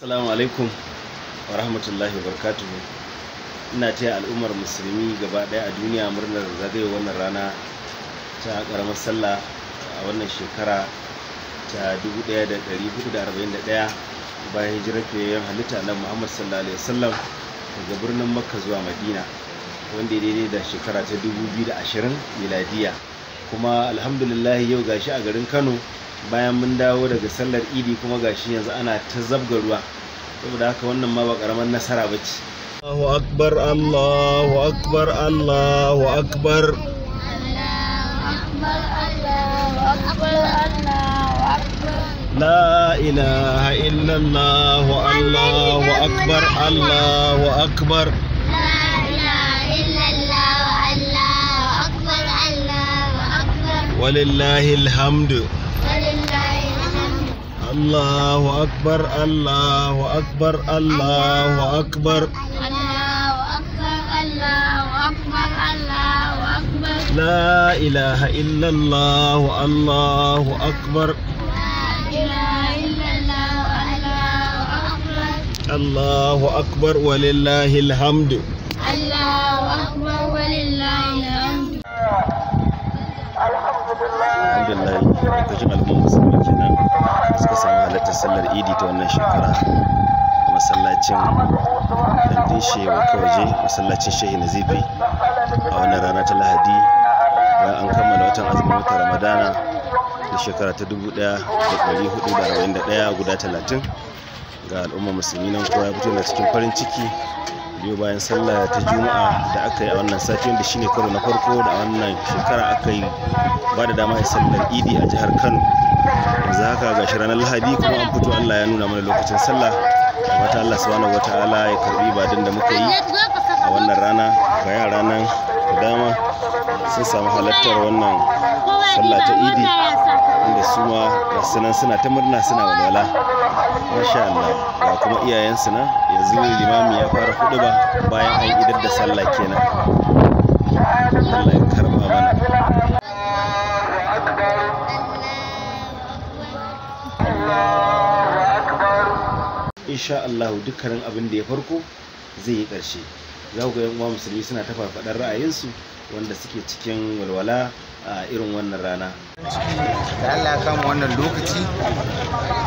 Assalamu alaikum wa rahmatullahi wa ina taya al'ummar musulmi gaba daya a duniya murnar zagaye wannan rana ta karamar sallah a wannan shekara ta 1441 bayan hijirar fiye halitta na muhammad sallallahu alaihi wasallam daga birnin makka zuwa madina wanda ya daidai da shekara ta 2020 miladiya kuma alhamdulillah yau gashi a garin kano bayan mun dawo daga sallar idi kuma gashi yanzu ana ta zabga ruwa saboda haka wannan ma ba karamar nasara ba ce Allahu akbar Allahu akbar Allahu akbar لا إله إلا الله الله أكبر الله أكبر, ولله الحمد الله أكبر الله أكبر الله أكبر لا إله إلا الله الله أكبر الله أكبر ولله الحمد الله أكبر ولله الحمد alhamdulillah lokacin al'ummar musulmi kenan suka samu halartar sallar idi ta wannan shekara masallacin dandin shewa kawaje masallacin na nazifi a wannan rana ta lahadi bayan an kammala watan azumin wata ramadana da shekara ta dubu da da 1441 guda talatin, ga al'umma musulmi nan kowa ya fito na cikin farin ciki biyo bayan sallah ta juma'a da aka yi a wannan sati wanda shine karo na farko da wannan shekara aka yi ba da dama a sallar idi a jihar kano yanzu haka ga shi ranar lahadi kuma an fito allah ya nuna mana lokacin sallah mata allah subhanahu ala ya karbi badan da muka yi a wannan rana ga yara nan da dama sun samu halartar wannan sallah ta idi inda su ma suna ta murna suna walwala masha Allah ga kuma iyayensu na yanzu limami ya fara hudu ba bayan an idar da sallah kenan Allah ya karba mana insha Allah dukkanin abin da ya farko zai yi ƙarshe za ku ga yan uwa musulmi suna ta faɗar ra'ayinsu wanda suke cikin walwala a irin wannan rana da Allah ya kama wannan lokaci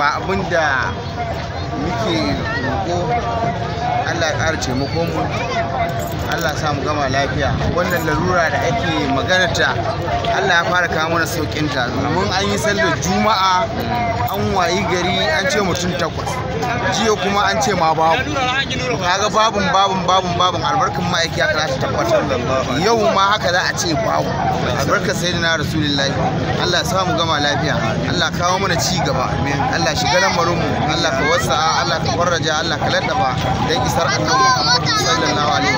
ba abin da muke roƙo Allah ya ƙara taimakon mu Allah sa mu gama lafiya wannan larura da ake maganarta Allah ya fara kawo mana saukin ta domin an yi sallar juma'a an wayi gari an ce mutum takwas jiya kuma an ce ma babu kaga babun babun babun babun albarkan ma'aiki aka ta tabbatar yau ma haka za a ce babu albarkar sayyidina rasulullahi Allah sa mu gama lafiya Allah kawo mana ci gaba Allah shiga nan mu Allah ka wasa Allah ka farraja Allah ka laddafa dan isar annabi Muhammad sallallahu alaihi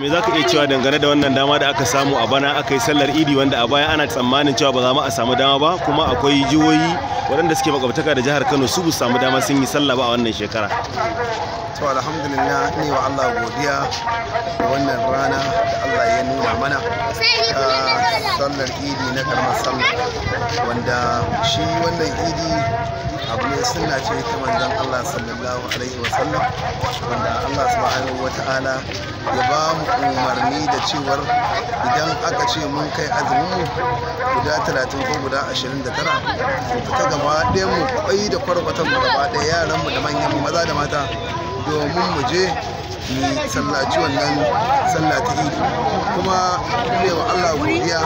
me za ka iya cewa dangane da wannan dama da aka samu a bana aka yi sallar idi wanda a baya ana tsammanin cewa ba za mu a samu dama ba kuma akwai jihohi waɗanda suke makwabtaka da jihar kano su bu samu dama sun yi sallah ba a wannan shekara to alhamdulillah ne wa allah godiya wannan rana da allah ya nuna mana sallar idi na karamar sallah wanda shi wannan idi abu ne suna ce ta manzan allah sallallahu alaihi wasallam wanda allah subhanahu wa ta'ala ya ba mu umarni da cewar idan aka ce mun kai azumin guda 30 ko guda 29 ta gaba ɗaya mu kwai da kwarkwatan mu gaba ɗaya yaran mu da manyan maza da mata domin mu je mu sallaci wannan sallah ta kuma mu wa Allah godiya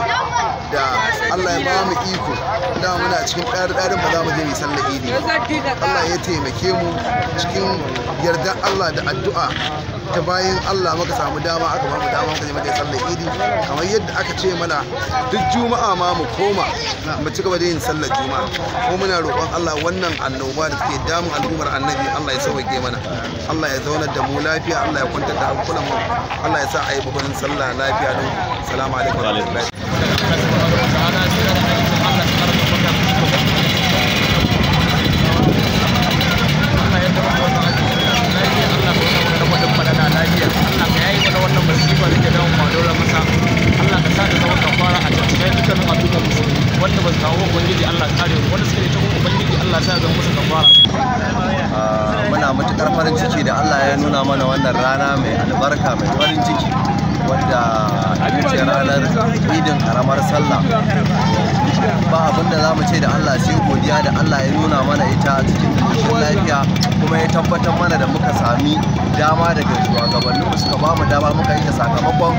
da Allah ya ba mu iko da muna cikin ɗarin ba za mu je mu sallar idi Allah ya taimake mu cikin yardan Allah da addu'a ta bayan Allah muka samu dama aka ba mu dama muka je mu idi kamar yadda aka ce mana duk juma'a ma mu koma mu ci gaba da yin sallar juma'a ko muna roƙon Allah wannan annoba da take damun al'ummar annabi Allah ya sauke mana Allah ya zauna da mu lafiya Allah ya kwantar da hankulan mu Allah ya sa a yi babban sallah lafiya don salamu alaikum da allah ya nuna mana wannan rana mai albarka mai farin ciki wadda ita ce ranar idin karamar sallah ba abin da za mu ce da allah sai godiya da allah ya nuna mana ita cikin koshin lafiya kuma ya tabbatar mana da muka sami dama daga mu suka ba mu dama muka yi sakamakon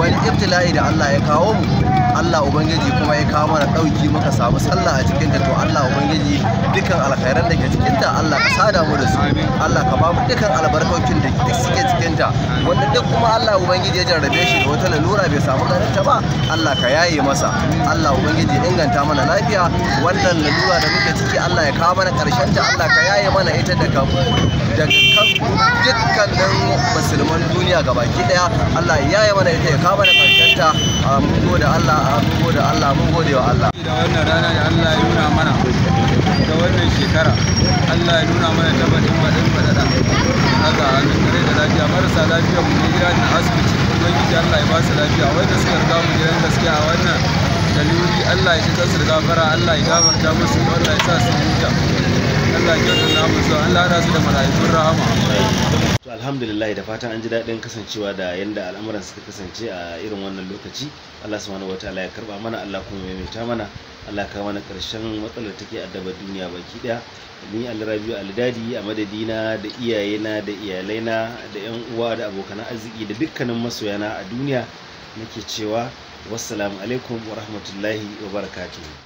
wani ibtila'i da allah ya kawo mu Allah Ubangiji kuma ya kawo mana ɗauki muka samu sallah a cikin ta to Allah Ubangiji dukkan alkhairan da ke cikin ta Allah ka sada mu da su Allah ka ba mu dukkan dukkan albarkokin da suke cikinta wanda duk kuma Allah ubangiji ya jarrabe shi da wata lalura bai samu ganinta ba Allah ka yaye masa Allah ubangiji inganta mana lafiya wannan lalura da muke ciki Allah ya kawo mana karshen ta Allah ka yaye mana ita daga daga kan dukkanin musulman duniya gabaki daya Allah ya yaye mana ita ya kawo mana karshen ta mun gode Allah mun gode Allah mun gode wa Allah da wannan rana da Allah ya nuna mana da wannan shekara allah ya nuna mana tabbatin baɗin baɗaɗa daga hannun kare da lafiya marasa lafiya mu ne gida na asibiti ubangiji allah ya ba su lafiya wanda suka riga mu gidan gaskiya a wannan dalilori allah ya shiga su gafara allah ya gafarta musu allah ya sa su huta allah ya kyauta na su allah ya su da mala'ikun rahama to alhamdulillah da fatan an ji daɗin kasancewa da yadda al'amuran suka kasance a irin wannan lokaci allah subhanahu wataala ya karba mana allah kuma ya mai mana Allah ka mana ƙarshen matsalar take addaba duniya baki ɗaya ni alrabiu aldadi a madadina da iyayena da iyalaina da yan uwa da abokan arziki da dukkanin masoyana a duniya nake cewa wassalamu alaikum wa rahmatullahi wa barakatuhu